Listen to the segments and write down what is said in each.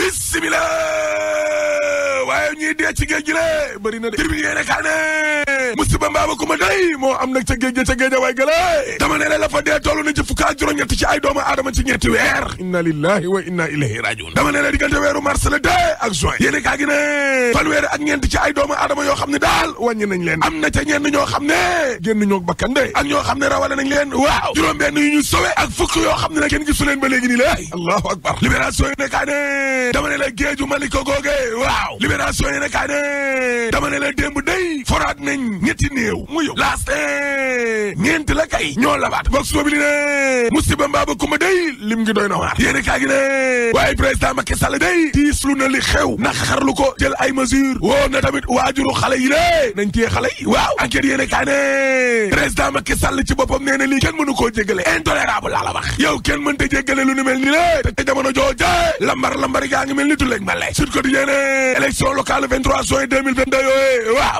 bismillah waaye ñuy dee ci géej gi la bëri na de. musiba mbaaba ku ma day moo am nag ca géej a waay gële dama ne la fa dee toll na ci fukk ak juróom ci ay doomu aadama ci ñetti weer inna lillahi wa inna ilayhi rajiun dama ne la diggante weeru mars la ak juin yéene kaa gi ne fanweer ak ñeent ci ay doomu aadama yoo xam ne daal wàññi nañ leen am na ca ñenn ñoo xam ne génn ñoo bakkan de ak ñoo xam ne rawale nañ leen waaw juróom benn yu ñu sowe ak fukk yoo xam ne nag kenn gisu leen ba léegi nii la allahu akbar libération yi ne kaa ne dama ne la ñetti néew mu yow laast ñeenti la kay ñoo labaat box boobu li ne musiba mbaaba kuma day lim ngi doy na waar yéeni kaa gi ne waaye président Macky Sall day tiislu na li xew na xarlu ko jël ay mesures woo na tamit waajuru xale yi ne nañ cee xale yi waaw enquête yéene kaa ne président Macky Sall ci boppam nee na lii kenn mënu koo jéggale intolérable laa la wax yow kenn mënta jéggale lu ni mel ni lé te jamono jooje lambar lambar gaa ngi mel ni tuleeg ma le Sud Quotidien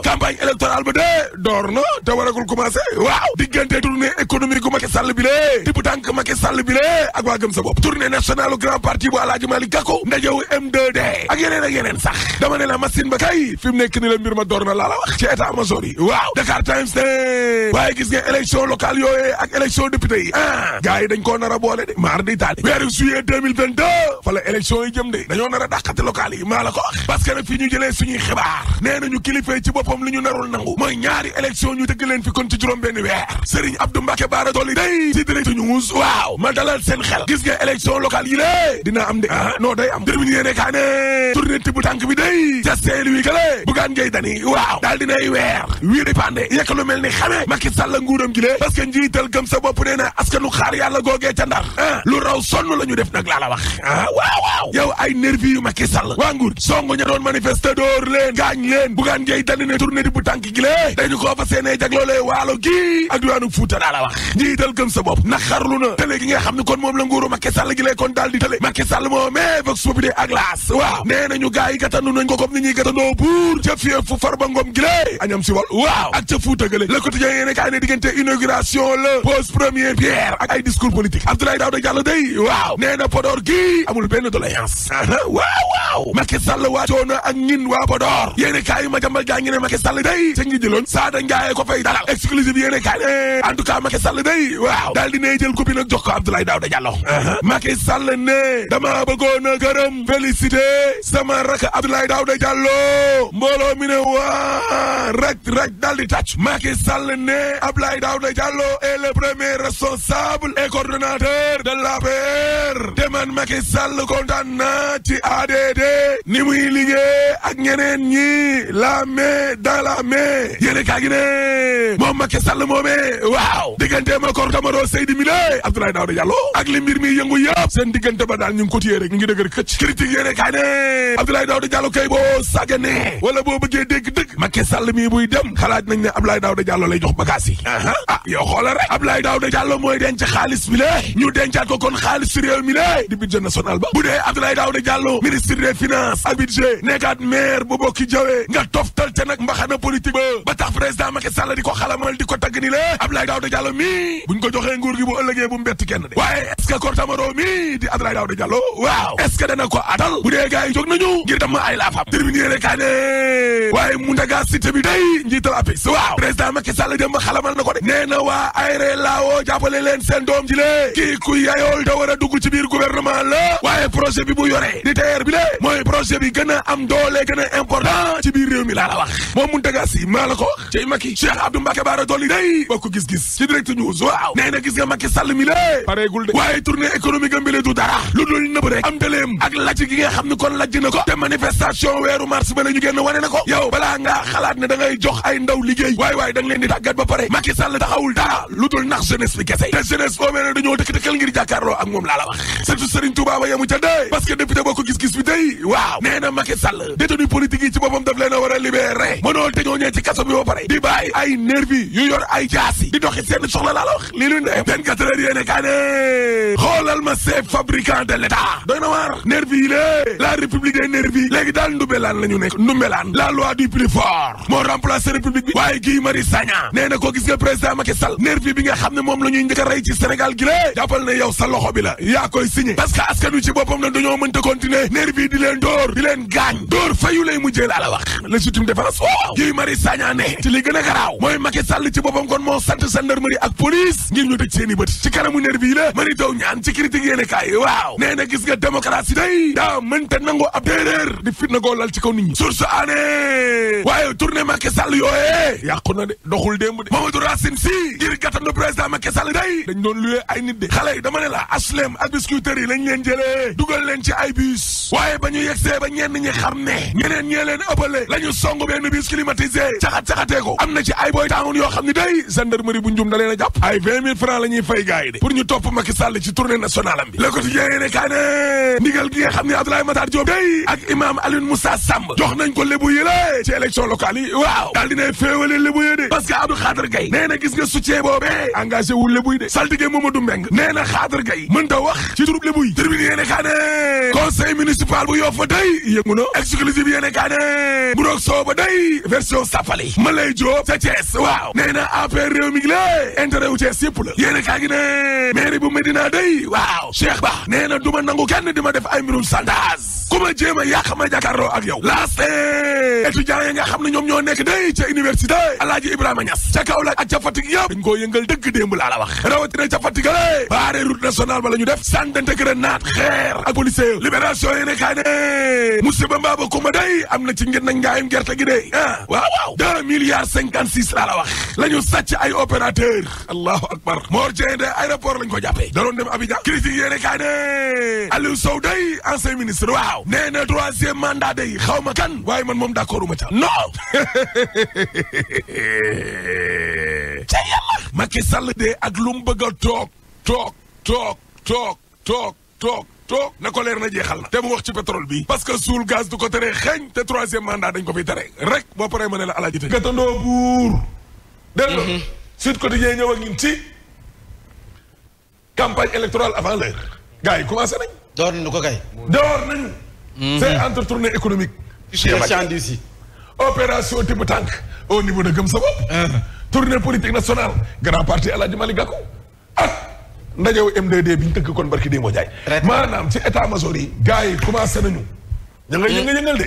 campagne électorale ba door na te waragul commencé waaw diggante tournée économique gu Macky Sall bi lee tibb tànk Macky Sall bi ak waa gëm sa bopp tournée nationale grand parti bu Alaaji Malick Gakou ndajewu M2D ak yeneen ak yeneen sax dama ne la machine ba kay fi nekk ni la mbir ma door laa la wax ci état major yi waaw Dakar Times ne waaye gis nga élection locale yooyee ak élection député yi ah gars dañ koo nar a boole de maar di taali weeru juillet 2022 fa la élection yi a ñaari élection ñu dëgg leen fi kon ci juróom benn weer Serigne Abdou Mbacke Bara Dolly day ci direct news waaw ma dalal seen xel gis nga élection locale yi lée dina am de ah non am terminé yéene kaa ne tournée tibb tànk bi day ca Saint-Louis gale bugaan ngay dani waaw daal dinay weer wii pande yekk lu mel ni xamee Macky Sall nguuram gi lée parce que njiital gëm sa bopp nee na askanu xaar yàlla googee ca ndar ah, lu raw sonn la ñu def nag laa la wax ah waaw waaw yow ay nervi yu Macky Sall ne dañu koo fa seenee jag loolee waalo gii ak diwaanu Fuuta daa la wax ñii dal sa bopp naxarlu na tële gi nga xam ne kon moom la nguuru Macky Sall gi lay kon daal di tële Macky Sall moo mais vox populi ak laas waaw nee nañu gars yi gàttandu nañ ko comme ni ñuy gàttandoo buur ca fie fu Farba Ngom gi lée añam si wal waaw ak ca Fuuta gële le quotidien yéene kaay ne diggante inauguration la pose première pierre ak ay discours politique Abdoulaye Daouda Diallo day waaw loñ Sada Ndiaye ko fay dalal exclusive yéene kaay ne en tout waaw daal dinay jël coupe jox ko Abdoulaye Daouda Diallo uh-huh. Macky Sall ne dama bëggoon a gërëm félicité sama rak Abdoulaye Daouda Diallo mbooloo mi waa rek rek daal di tàcc Macky Sall ne Abdoulaye Daouda Diallo est premier responsable et coordonnateur de l'APR te man Macky Sall kontaan naa ci ADD ni muy liggéey ñeneen ñi la main dans la main yéene kaa gi ne moom Macky Sall moomee waaw diggante ma kor tamadoo Seydi mi lé Abdoulaye Daouda Diallo ak li mbir mi yëngu yëpp seen diggante ba daal ñu ngi ko téye rek ngi dëgër këcc critique yéene kaa ne Abdoulaye Daouda Diallo kay boo sàggane wala boo bëggee dégg dëgg Macky Sall mii buy dem xalaat nañ ne Abdoulaye Daouda Diallo lay jox bagaas yi ah ah yow xoola rek Abdoulaye Daouda Diallo mooy denc xaalis bi lé ñu dencaat ko kon xaalis réew mi lé di budget maire bu bokki jawee nga toftal ca nag mbaxana politique ba ba tax président Macky Sall ko xalamal di ko tagg ni la Abdoulaye Daouda Diallo mi buñ ko joxee nguur gi bu ëllëgee bu mu kenn de waaye est-ce que Kortamaro mi di Abdoulaye Daouda Diallo waaw est-ce que ko atal bu dee gars yi nañu ngir dem ay laafam terminer kaa ne waaye mu ndaga cité bi day njiital APIX waaw président Macky Sall dem ba xalamal na ko de nee na waa ayre laawoo jàppale da war a la le important ci biir réew mi laa la wax moom Mountaga Sy maa la ko wax cay Macky Cheikh Abdou Mbacké Bara Dolly day bokk gis-gis ci Direct News waaw nee gis nga Macky Sall mi lée pareegul de waaye tournée économique am bile dara lu dul nëbb rek am daleem ak lajj gi nga xam ne kon lajj na ko te manifestation weeru mars ba la ñu génn na ko yow balaa ngaa xalaat ne da jox ay ndaw liggéey waay waay da leen di tàggat ba pare Macky Sall taxawul politique yi ci boppam daf leen a war a libéré mënoo te ñoo ci kaso bi ba pare di bàyyi ay nervi yu yor ay jaasi di doxi seen soxla laa la wax lii lu ne vingt quatre heures yéene xoolal ma ces fabricants de l'état doy na nervi yi lée la république des nervis léegi daal ndumbelaan la ñu ndumbelaan la loi du plus fort moo remplacé république bi waaye Guy Marius Sagna nee ko gis nga président Macky Sall nervi bi nga xam ne moom la ñuy njëkk a rey ci Sénégal gi lée jàppal na yu lay mujjee laa la wax légitime défense waaw Guy Marius Sagna ne ci li gën a garaaw mooy Macky Sall ci boppam kon moo sant gendarmerie ak police ngir ñu tëj seeni bët ci kanamu nervi yi la mari taw ñaan ci critique yéene waaw nee gis nga démocratie day daa nangu ab déeréer di fitna goo lal ci kaw nit ñi source aané waaye tournée Macky Sall yooyee yàqu de doxul démb de Mamadou Racine Sy ngir gàttandu président Macky Sall day dañ doon luwee ay ñeneen ñee ëppale la ñu benn bis climatisé caxat-caxatee ko am na ci ay booy taawun yoo xam ne day gendarmerie bu njum da a jàpp ay vingt mille fay gars de pour ñu topp Macky Sall ci tournée nationale am bi le quotidien yéene ndigal gi nga xam ne Abdoulaye Matar Diop day ak imam Alioune Moussa Samb jox nañ ko lébu yële ci élection locale yi waaw daal dinay féewale lébu yë de parce que Abdou Khadre Gaye gis nga soutien boobee engagé wu yéene ne bu roog sooba day version sàppali ma lay jóob sa Thiès waaw nee na affaire réew mi ngi lé intérêt wu Thiès yëpp la yéene kaa gi ne mairie bu Medina day waaw Cheikh Ba nee na du ma nangu kenn di ma def ay mbirum sandaas ku ma jéem a yàq ma jàkkaarloo ak yow laaste étudiants yi nga xam ne ñoom ñoo nekk day ca université Alaaji Ibrahima Niass ca Kaolack ak ca Fatick yëpp dañ yëngal dëgg démb laa la wax rawatina ca baare route nationale ba la def sàndante grenade day am na ci ngeen na ngaayam gerte gi de ah waaw waaw deux milliards cinquante six laa la wax la ñu ay opérateur allahu akbar Mor Dieng de aéroport lañ ko jàppee da dem Abidjan critique yéene kaay ne Aliou Sow day ancien ministre waaw nee na troisième mandat day xaw kan waaye man moom d'accord uma ca non ca yàlla Macky Sall de ak lu mu bëgg a toog toog toog toog toog toog toog na ko leer na jeexal na te mu wax ci pétrole bi parce que suul gaz du ko tere xeeñ te troisième mandat dañ ko fiy tere rek moo paree ma ne la alaaji tëj gàttandoo buur dégg nga mhm. Sud Quotidien ñëw ak ñun ci campagne électorale avant l'heure gars yi commencé nañ door nañu ko kay door nañu mhm. c'est entre tournée économique marchandise yi opération tibb tànk au niveau de gëm sa bopp ah. tournée politique nationale grand parti Alaaji Malick Gakou ah ndajewu M2D bi ñu tëgg kon barki Demba Ndiaye. maanaam ci état major yi gars yi commencé nañu. Mm. ña nga yëngal yëngal de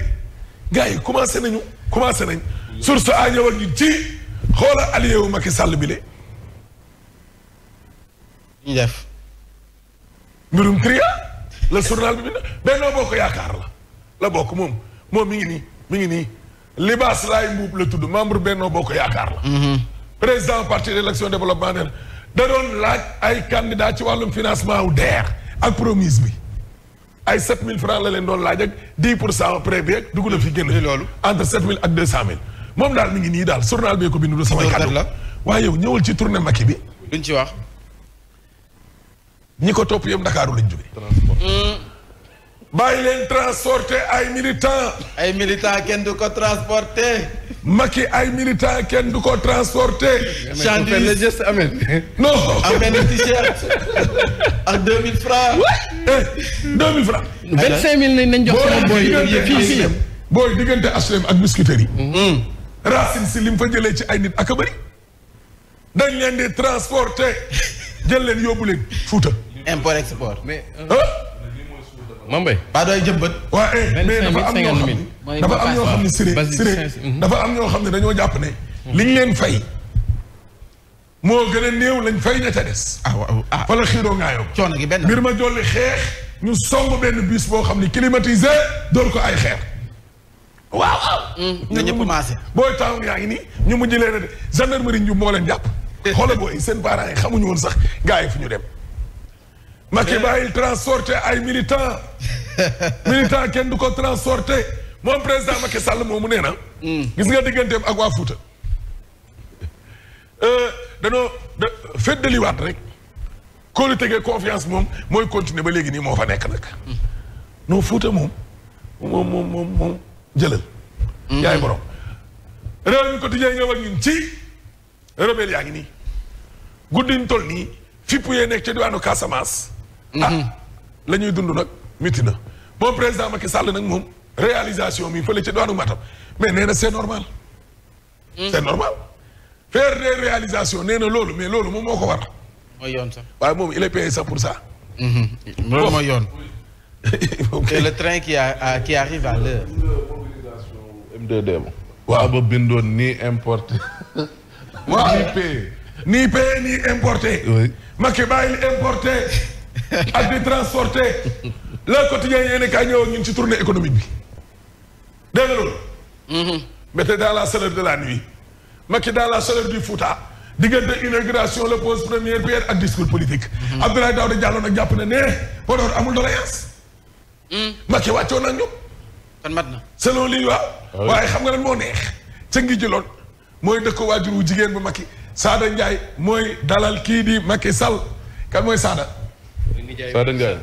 gars yi commencé nañu commencé nañ. source a ñëwal ñu ci xoola allié wu Macky Sall bi le mbirum tria la journal bi Benno Bokk Yaakaar la la bokk moom moom mi ngi nii mi ngi nii libaas laay mbuub la tudd membre Benno Bokk Yaakaar la. Mm-hmm. président parti de l'action développement da doon laaj ay candidat ci wàllum financement wu DER ak promise bi ay mille francs la leen doon laaj ak di pour cent prêt bi ak dugg na fi génn loolu entre 7000 ak 200000 moom daal mi ngi nii daal journal bi ko bindu du samay kàddu waaye yow ñëwal ci tournée Macky bi duñ ci wax ñi ko topp yëpp Ndakaaru lañ jóge bàyyi leen transporter ay militant ay militant kenn du ko transporter Macky ay militant kenn du ko transporter chandise geste amen non amen t-shirt ak deux mille francs eh, deux mil francs vingt cinq mille nañ nañ jox sama diggante HLM H&M ak biscuiterie yi mm-hmm. racine si lim fa jëlee ci ay nit ak a dañ leen di transporter jël leen yóbbu leen Fuuta import Mambay. ba doy jëmbat. Eh, vingt mais dafa am dafa am ñoo xam ne siré siré dafa am ñoo xam ne dañoo jàpp ne. Mm-hmm. liñ leen fay. moo gën a néew lañ fay ña ca des. ah waaw ah fa la xiiroo ma jolli xeex. ñu song benn bus boo xam ne climatisé door ko ay xeer. waaw waaw. Mm-hmm. nga ñëpp maase. booy taw yaa ngi ñu mujj jëlee a de gendarmerie ñu moo leen jàpp. Eh. xoolal booy seen parents yi xamuñu woon sax gars yi fu ñu dem. Macky bàyyil transporter ay militant militant kenn du ko transporter moom président Macky Sall moomu nee na. Hmm. gis nga digganteem ak waa Fouta. Euh, danoo da feddaliwaat rek kóolu tegee confiance moom mooy continuer ba léegi nii moo fa nekk nag. Hmm. non Fouta moom moom moom moom moom jëlal. Hmm. yaay borom. réew mi quotidien ñëw ak ñun ngi nii guddi ñu nii fippu yee nekk ca diwaanu Casamance. ah la ñuy dund nag métti na moom président Macky Sall moom réalisation mi fële ci doonu Matam mais nee na c'est normal. Hmm? c'est normal faire des réalisations loolu mais loolu moom moo ko war. mooy yoon sax moom il est payé sax pour ça. Hmm, loolu yoon. c'est le train qui a qui arrive à l'heure. m 2 moom. waaw ba bindoon nii importé. waaw nii payé. nii payé nii importé. oui Macky importé. ak di transporter le quotidien yéen kaay ñëw ak ñun ci tournée économique bi dégg nga loolu mettez mm-hmm. dans la chaleur de la nuit Macky dans la chaleur du Fouta diggante inauguration la pose première pierre ak discours politique mm-hmm. Abdoulaye Daouda Diallo nag jàpp na ne Podor amul doléance mm. Macky wàccoo nag ñu kon mat na selon lii waaw ah waaye xam nga lan moo neex ca ngi jëloon mooy dëkk waajur wu jigéen bu Macky Sada Ndiaye mooy dalal kii di Macky Sall kan mooy Sada Saada Ndiaye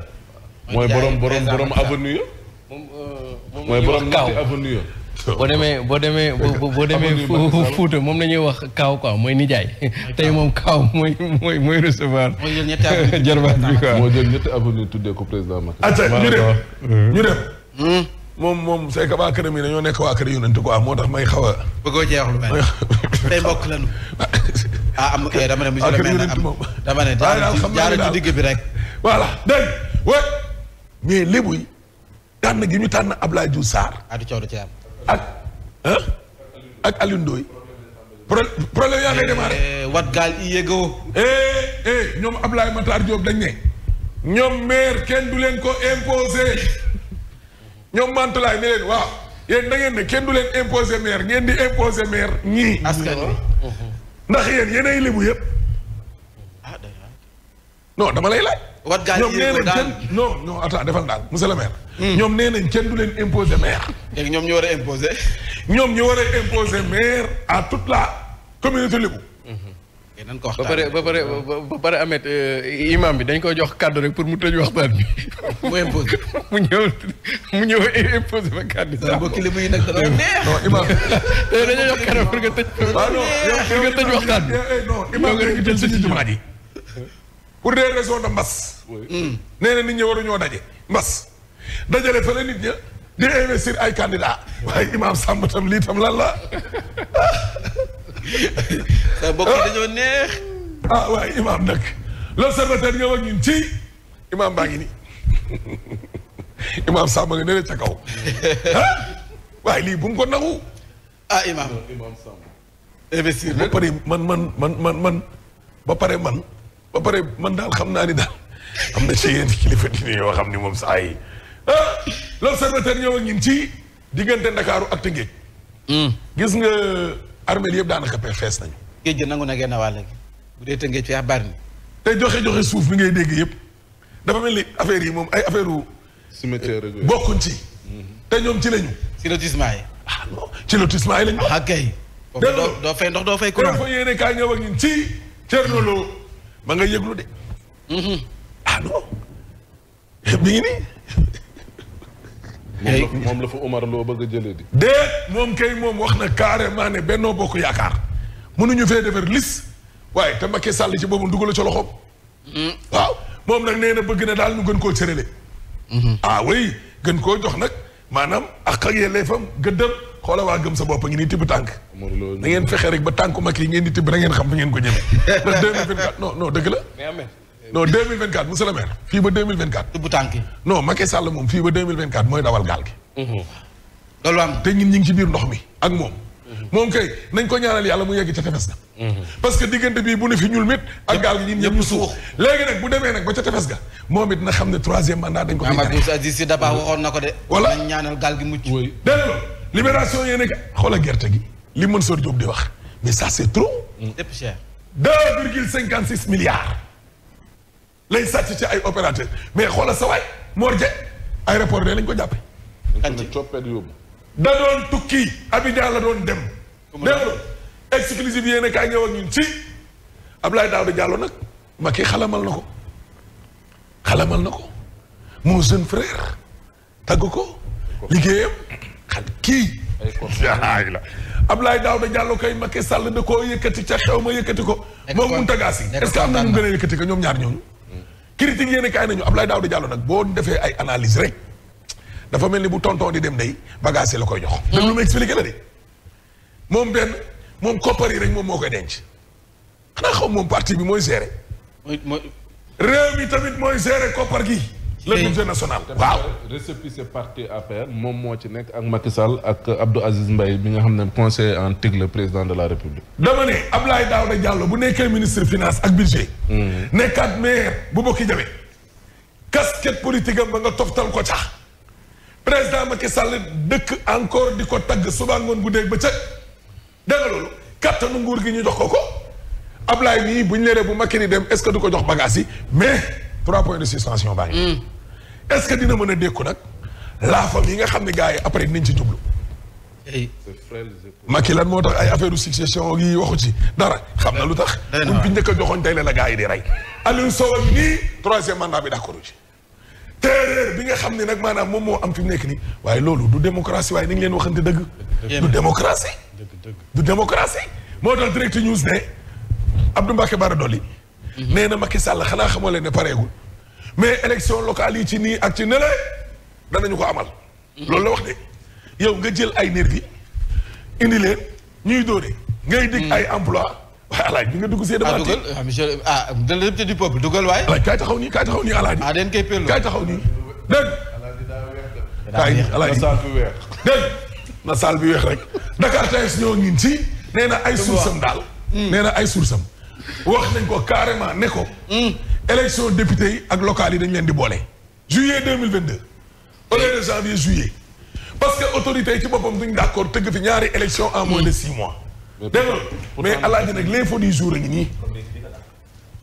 mooy borom borom borom avenue ya euh, mooy borom ñetti avenue ya boo demee boo demee boo demee Fuuta moom la ñuy wax kaaw quoi mooy nijaay tey moom kaaw mooy mooy mooy recevoir jarbaat bi quoi moo jël ñetti avenue tuddee ko président Macky aca ñu dem ñu dem hmm? moom moom c'est que waa këram yi nekk waa kër yonent quoi moo tax may xaw a bëggoo jeexlu mel tey mbokk lañu ah am eh, dama ne monsieur le maire dama rek voilà dégg nga mais lébu yi tànn gi ñu tànn Abdoulaye Diouf Sarr. ak ah ak Alioune Ndoye problème yaa ngay démarré. Eh, wat gaal i yego. Eh, eh, ñoom Abdoulaye dañ ne. ñoom maire kenn du leen ko imposer ñoom Mantulaay ne leen waaw yéen da ne kenn du leen imposer maire ngeen di imposer maire ñii. ndax yéen yéenay lébu yëpp. Ah, non dama lay laaj. wat gars yi yéen daal ñoom ñoom attends defal daal monsieur le maire. ñoom nee nañ leen imposer maire. léegi ñu war a imposer. ñoom ñu war a imposer maire à toute la communauté Lébu. dañ eh, ko waxtaanee ba pare ba pare ba pare Ameth eh, imam bi dañ koy jox kàddu rek pour mu tëj waxtaan bi. mu imposer mu ñëw mu ñëw imposer ba kàddu. d' accord kii yi nag dana neex. non imam tëj. waaw non bi. Eh, imam nga tëj suñu jumaa ji. pour des raisons de mbas. Hmm. nee na nit ñi waruñoo daje mbas dajale fële nit ña di investir ay candidat waaye Imaam Samb tam lii tam lan la. sa bokk neex. ah, ah waaye Imaam nag l'observateur ñëw ak ñun ci Imaam baa ngi nii Imaam Samb nga nee ca kaw waaye lii bu mu ko nangu. ah Imaam Imaam Samb. investir ba pare man man man man man ba pare man. ba pare man daal xam naa ni daal am na ci yenn kilifa diine yoo xam ni moom saa yi ah l'observateur ñëw ak ñun ci diggante Ndakaaru ak Tëngéej. Hmm. gis nga armée yëpp daanaka pe fees nañu. géej gi nangu na genn wàll gi bu Tëngéej fi bari te joxe joxe suuf bi ngay dégg yëpp dafa mel ni affaire yi moom ay affaire u cimetière bokkuñ ci. te ñoom ci lañu. ci lotissement yi. ah non ci lotissement yi lañu. ah kay. doo fay ndox doo fay courant. doo fa yéene kaa ñëw ak ñun ci Thierno Lo. ba nga yëglu de. Mm-hmm. ah non mi ngi nii. moom la fa Omar loo bëgg a jëlee di. déet moom kay moom wax na carrément ne Benno Bokk Yaakaar mënuñu fee defar liste waaye te Macky Sall ci boobu dugal ci loxoom. Mm. waaw moom nag nee na bëgg na daal ñu gën koo cërale. Mm-hmm. ah oui gën koo jox nag. maanaam ak ak yelleefam gëddam xoola waa gëm sa bopp ngi nii tibb tànk na fexe rek ba tànku mag yi ngeen di tibb na ngeen xam fi ngeen ko jëme te 2024 non non dëgg la non 2024 monsieur le maire fii ba 2024 tibb tànk non Macky Sall moom fii ba 2024 mooy dawal gaal gi mhm. loolu am te ñun ñu ci biir ndox mi ak moom moom kay nañ ko ñaanal yàlla mu yegg ca tefes ga parce que diggante bii bu ne fi ñuul mit ak gaal gi ñun ñu suux léegi nag bu demee nag ba ca tefes ga moom it na xam ne troisième mandat dañ ko fi ñaan si na ko de wala nañ ñaanal gaal gi mucc dégg nga libération yéen nag xoola gerte gi li mën sor Diop di wax mais ça c'est trop mm. lépp cher deux virgule cinquante six ci ay opérateur mais xoola sa waay Mor Dieng aéroport de lañ ko jàppe da doon tukki Abidjan la doon dem déglu exclusive yéen a kaay ñëw ak ñun ci Abdoulaye Daouda Diallo nag Macky xalamal na ko xalamal na ko mon jeune frère tagg ko liggéeyam xam kii la Abdoulaye Daouda Diallo kay Macky Sall da koo yëkkati ca xew ma yëkkati ko moom mun tagaas yi est-ce que am na ñu gën a yëkkati ko ñoom ñaar ñooñu hmm. critique na a ab nañu daaw Daouda Diallo nag boo defee ay analise rek dafa mel ni bu tonton di dem day bagage la koy jox hmm. déglu ma expliqué la de moom benn moom koppar yi rek moom moo koy denc xanaa xaw moom parti bi mooy gérer. mooy réew mi tamit mooy gérer koppar gi. le budget national waaw. récépissé parti APR moom moo ci nekk ak Macky Sall ak Abdou Aziz mbay bi nga xam ne conseiller en TIC le président de la République. dama ne Abdoulaye Daouda jàll bu nekkee ministre finance ak budget. Mm-hmm. nekkaat maire bu bokki jabe. casquette politique am ba nga toftal ko cax. président Macky Sall dëkk encore di ko tagg suba ngoon guddeeg bëccëg. dégg loolu kattanu nguur gi ñu jox ko ko Ablaye nii bu ñu leree bu Macky ni dem est-ce que du ko jox bagage yi mais trois points de suspension baa ngi mm. est-ce que dina mën a dékku nag laafam yi nga xam ne gars yi après dinañ ci jublu Macky lan moo tax ay affaire succession yi waxu ci dara xam na lu tax buñ fi njëkk a joxoon tey la la gars yi di rey Aliou Sow nii troisième mandat bi d'accord ci terreur bi nga xam ne nag maanaam moom moo am fi mu nekk nii waaye loolu du démocratie waaye ni ngi leen waxante dëgg du démocratie moo tax direct news ne Abdou Mbacké Bara Dolly. Mhm. nee na Macky Sall xanaa xamoo leen ne pareegul. mais élection locale yi ci nii ak ci nële danañu ko amal. Mhm. loolu la wax de yow nga jël ay nervi indi leen ñuy dóore. ngay dig mhm. ay emploi waaye alaaji bi nga dugg see ah, demante ah monsieur ah de la député du peuple dugal waaye. alaaji kaay taxaw nii kaay taxaw nii alaaji. ah den kay pelloo kaay taxaw na saal bi weex rek Dakar Times ñoo ngi ci nee na ay sursam daal hmm. nee ay sursam wax nañ ko carrément ne ko hmm. élection député yi ak locales yi dañ leen di boole juillet deux mille vingt deux au de janvier juillet parce que autorités yi ci boppam duñ d'accord tëgg fi ñaari élection en moins de six mois hmm. dégg nga mais alaaji nag l'info du jour a ngi nii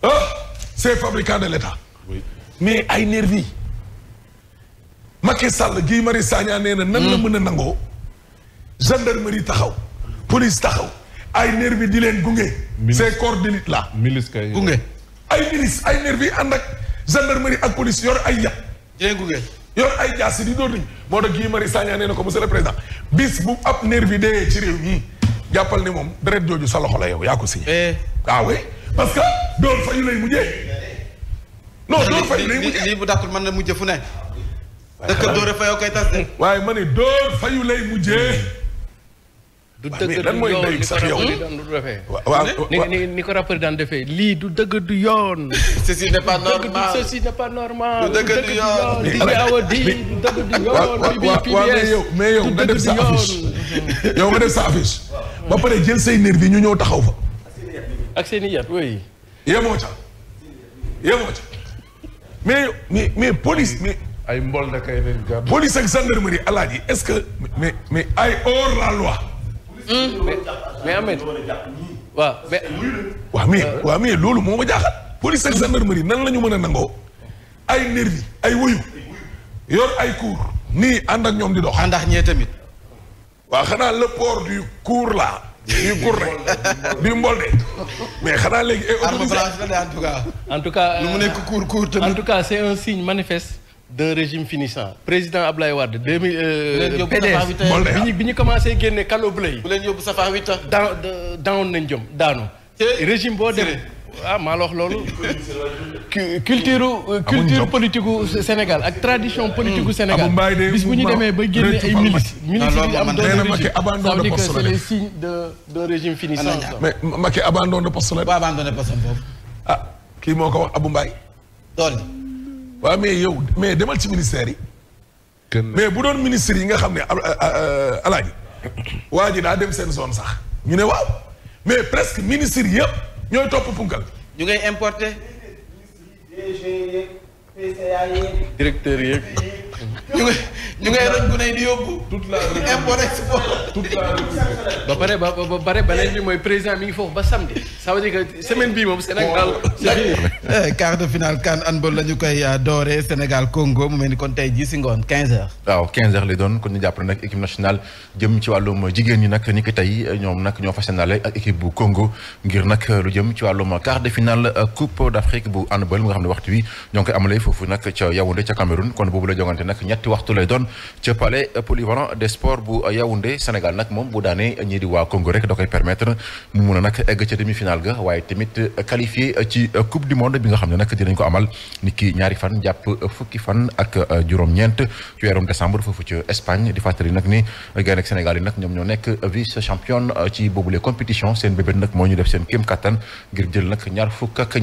ah c'est fabricant de l'État mais ay nervi Macky Sall Guy Marius Sagna nee na la mën a nangoo gendarmerie taxaw police taxaw ay nervi di leen gunge. ces corps la là. milice kay gunge. ay milice ay nervi ànd ak gendarmerie ak police yor ay yàq. di gunge. yor ay jaasi di dóor nit moo tax nee ko monsieur le président bis bu ab nervi dee ci réew mi jàppal ni moom deret jooju sa loxo la yow yaa ko signé. waaw eh. ah parce que dóor fayu lay mujjee. non dóor fayu lay mujjee lii bu dàqul mën fu ne. dëkk waaye ma ne dóor fayu lay mujjee. Hmm. du dëgg sax yow du yoon ni ko rappeur daan defee lii du dëgg du yoon. ceci n'est pas normal ceci n'est pas normal. du nga def sa affiche. yow nga def sa affiche. ba pare jël say nervi ñu ñëw taxaw fa. ak seen i yat oui. yemoo ca mais mais police ay mbol da kay leen gàddu. police ak gendarmerie alaaji est-ce que mais mais ay hors la loi. mais Ahmed waaw mais. waaw mais waaw mais loolu moo ma jaaxal. police ak gendarmerie nan la ñu mën a nangoo. ay nervi ay wuyu. yor ay cour ni ànd ak ñoom di dox. ànd ak ñee tamit. waaw xanaa le port du cour là. du cour rek du mbolde mais xanaa léegi. Eh, arme en tout cas. en tout cas lu mu nekk cour cour tamit. en tout cas c'est un signe manifeste. d'un régime finissant président Ablaye Wade. deux euh, bi ñu commencé génne kalo bleu yi. bu leen yóbbu safa huit ans. daan daawoon nañ jëm daanu. régime boo demee. ah maa la wax loolu. culture culture politique gu Sénégal ak tradition politique gu hmm. Sénégal. bis bu ñu demee ba génne ay milices. milices yi am doon régime ça veut dire que c'est les signes de de régime finissant. mais Macky abandon de poste la. abandon de poste boobu. ah kii moo ko wax Abou Mbaye. doole. waa mais yow mais demal ci ministère yi. mais bu doon ministre yi nga xam ne alaaji waa ji daa dem seen zone sax ñu ne waaw mais presque ministre yëpp ñooy topp punkal ñu ngay importer directeur yeeg. ñu ngay ñu ngay roñ gunóor yi di la import export. toute la ba pare ba ba bi mooy président mi ngi foofu ba samedi. ça veut dire semaine bii moom Sénégal. Eh, quart de finale CAN handball la ñu koy euh, dooree Sénégal Congo mu mel kon tey jii si ngoon 15h. waaw 15h lay doon kon ñu jàpp nag équipe nationale jëm ci wàllum jigéen ñi nag ni tey euh, ñoom nag ñoo fas yéene ak équipe bu Congo ngir nag euh, lu jëm ci wàllum quart de finale coupe d'Afrique bu handball mu nga xam ne waxtu wi ñoo ngi koy kon boobu la jongante nag ñetti waxtu lay doon ca palais polyvalent des sports bu Yaoundé Sénégal nag moom bu daanee ñii di waa Congo rek da koy permettre mu mun a nag egg ca demi-finale ga waaye tamit qualifié ci coupe du monde bi nga xam ne nag dinañ ko amal ni ki ñaari fan jàpp fukki fan ak juróom-ñeent ci weerum décembre foofu ci Espagne di fàttali nag ni gaynde ak Sénégal yi nag ñoom ñoo nekk vice championne ci boobule compétition seen bébét nag moo ñu def seen kéem kattan ngir jël nag ñaar fukk ak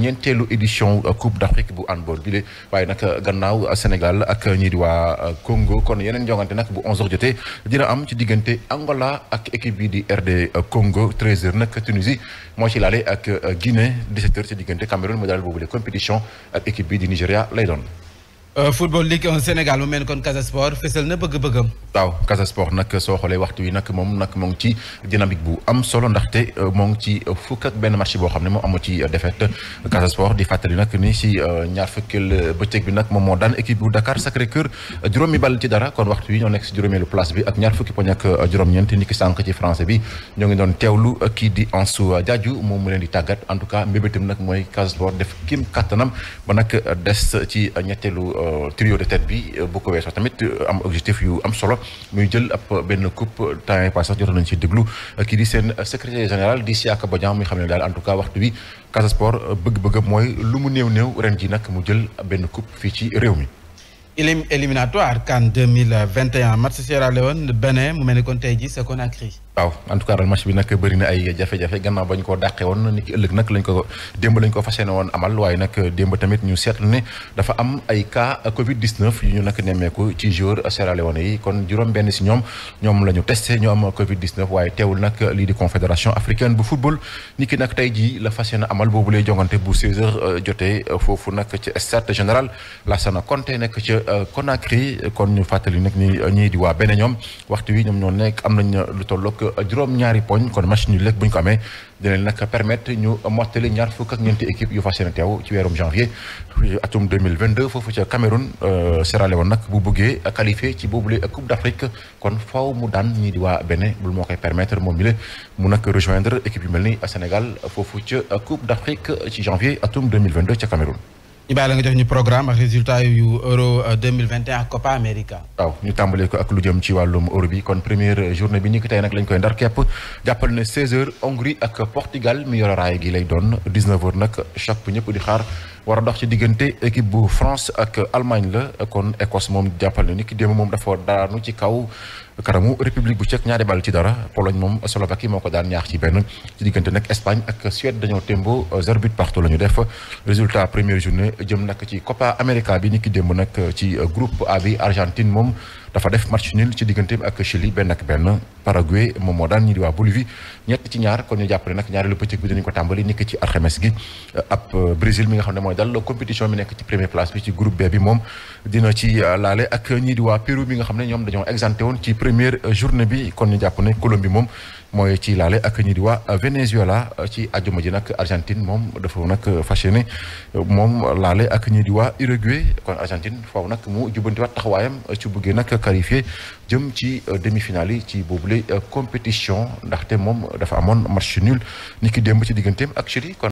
édition coupe d'Afrique bu handball bi waaye nag gannaaw Sénégal ak ñii di kon yeneen jongante nag bu 11h jotee dina am ci diggante Angola ak équipe bi di RD Congo 13h nag Tunisie moo ci laale ak Guinée 17h ci diggante Cameroun mu daal boobule compétition ak équipe bi di Nigéria lay doon. Euh, football league Sénégal mu mel ni kon Casa Sport fësal na bëgg-bëggam. waaw Casa Sport nag soo xoolee waxtu wi nag moom nag moo ngi ci dynamique bu am solo ndaxte euh, moo ngi ci fukk benn match boo xam ne moom amoo ci euh, défaite Casa Sport di fàttali nag ni si ñaar fukkeel bëccëg bi nag moom moo daan équipe bu Dakar Sacré-Cœur juróomi ball ci dara kon waxtu wi ñoo nekk si juróomeelu place bi ak ñaar fukki poñ juróom-ñeent ni ki sànq ci français bi ñoo ngi doon teewlu kii di Ansu Diadio moom mu leen di tàggat en tout cas mbébétam nag mooy Casa Sport def kim kattanam ba nag des ci ñetteelu. Euh, trio de tête bi euh, bu ko weesoo tamit euh, am objectif yu am solo muy jël ab benn coupe temps passé sax jotoon nañu ci déglu kii di seen secrétaire général di Siaka Badian muy xam ne daal en tout cas waxtu bi Casa Sport bëgg-bëggam mooy lu mu néew néew ren ji nag mu jël benn coupe fii ci réew mi éliminatoire CAN 2021 match Sierra Leone Bénin mu mel ni kon tey ji sa Conakry waaw en tout cas daal match bi nag bëri na ay jafe-jafe gannaaw bañ koo dàqee woon ni ki ëllëg nag lañ ko démb lañ ko fas yéene woon amal waaye nag démb tamit ñu seetlu ne dafa am ay cas Covid 19 yu ñu nag nemmeeku ci joueur Sierra woon yi kon juróom-benn si ñoom ñoom la ñu testé ñu am Covid waaye teewul nag lii di confédération africaine bu football ni ki nag tey jii la fas yéene amal boobu lay jongante bu 16h euh, jotee euh, foofu nag ci stade général Lassana Conté nekk ca euh, Conakry kon ñu fàttali nag ni ñii di waa beneen ñoom waxtu wi ñoom ñoo nekk am nañ lu tollook ak euh, juróom-ñaari poñ kon match ñu lekk bu ñu ko amee dina leen nag ñu mottali ñaar fukk ak ñeenti équipe yu fas yéene teew ci weerum janvier atum 2022 foofu ca Cameroun euh, Sierra Leone nag bu bëggee qualifié ci boobule Coupe d'Afrique kon faaw mu daan ñii di waa Bénin loolu moo koy permettre moom mi la mu nag rejoindre équipe yu mel ni Sénégal foofu ca Coupe d'Afrique ci janvier atum 2022 ca Cameroun ñu bàyyi la nga jox ñu programme ak résultat yu euro 2021 euh, ak Copa America waaw ñu tàmbalee ko ak lu jëm ci wàllum euro bi kon première journée bi ni ki tey nag lañ koy ndar képp jàppal na 16h Hongrie ak Portugal mi yore raay gi lay doon 19h nag choc bu ñëpp di xaar. wara a dox ci diggante équipe bu France ak Allemagne la kon Écosse moom jàppal na ni ki démb moom dafa daanu ci kaw kanamu république bu Tchèque ñaari bal ci dara Pologne moom Slovaquie moo ko daan ñaax ci benn ci diggante nag Espagne ak Suède dañoo témbo zéro but partout la ñu def résultat première journée jëm nak ci Copa América bi ni ki démb nag ci groupe A bi Argentine moom dafa def match nul ci digganteem ak Chili benn ak benn Paraguay moom moo daan ñi di waa Bolivie ñett ci ñaar kon ñu jàpp ne nag ñaareelu bëccëg bi dinañ ko tàmbali nekk ci alxames gi ab euh, Brésil mi nga xam ne mooy dal compétition bi nekk ci première place bi ci groupe B bi moom dina ci euh, laale ak ñii di waa Pérou bi nga xam ne ñoom dañoo exempté woon ci première euh, journée bi kon ñu jàpp ne Colombie moom mooy ci laale ak ñi di waa Venezuela ci àjjuma ji nag Argentine moom dafa nag fas yéene moom laale ak ñi di waa Uruguay kon Argentine faaw nag mu jubbantiwaat taxawaayam ci buggee nag qualifié jëm ci demi-finale yi ci boobule compétition ndaxte moom dafa amoon match nul ni ki démb ci digganteem ak Chili kon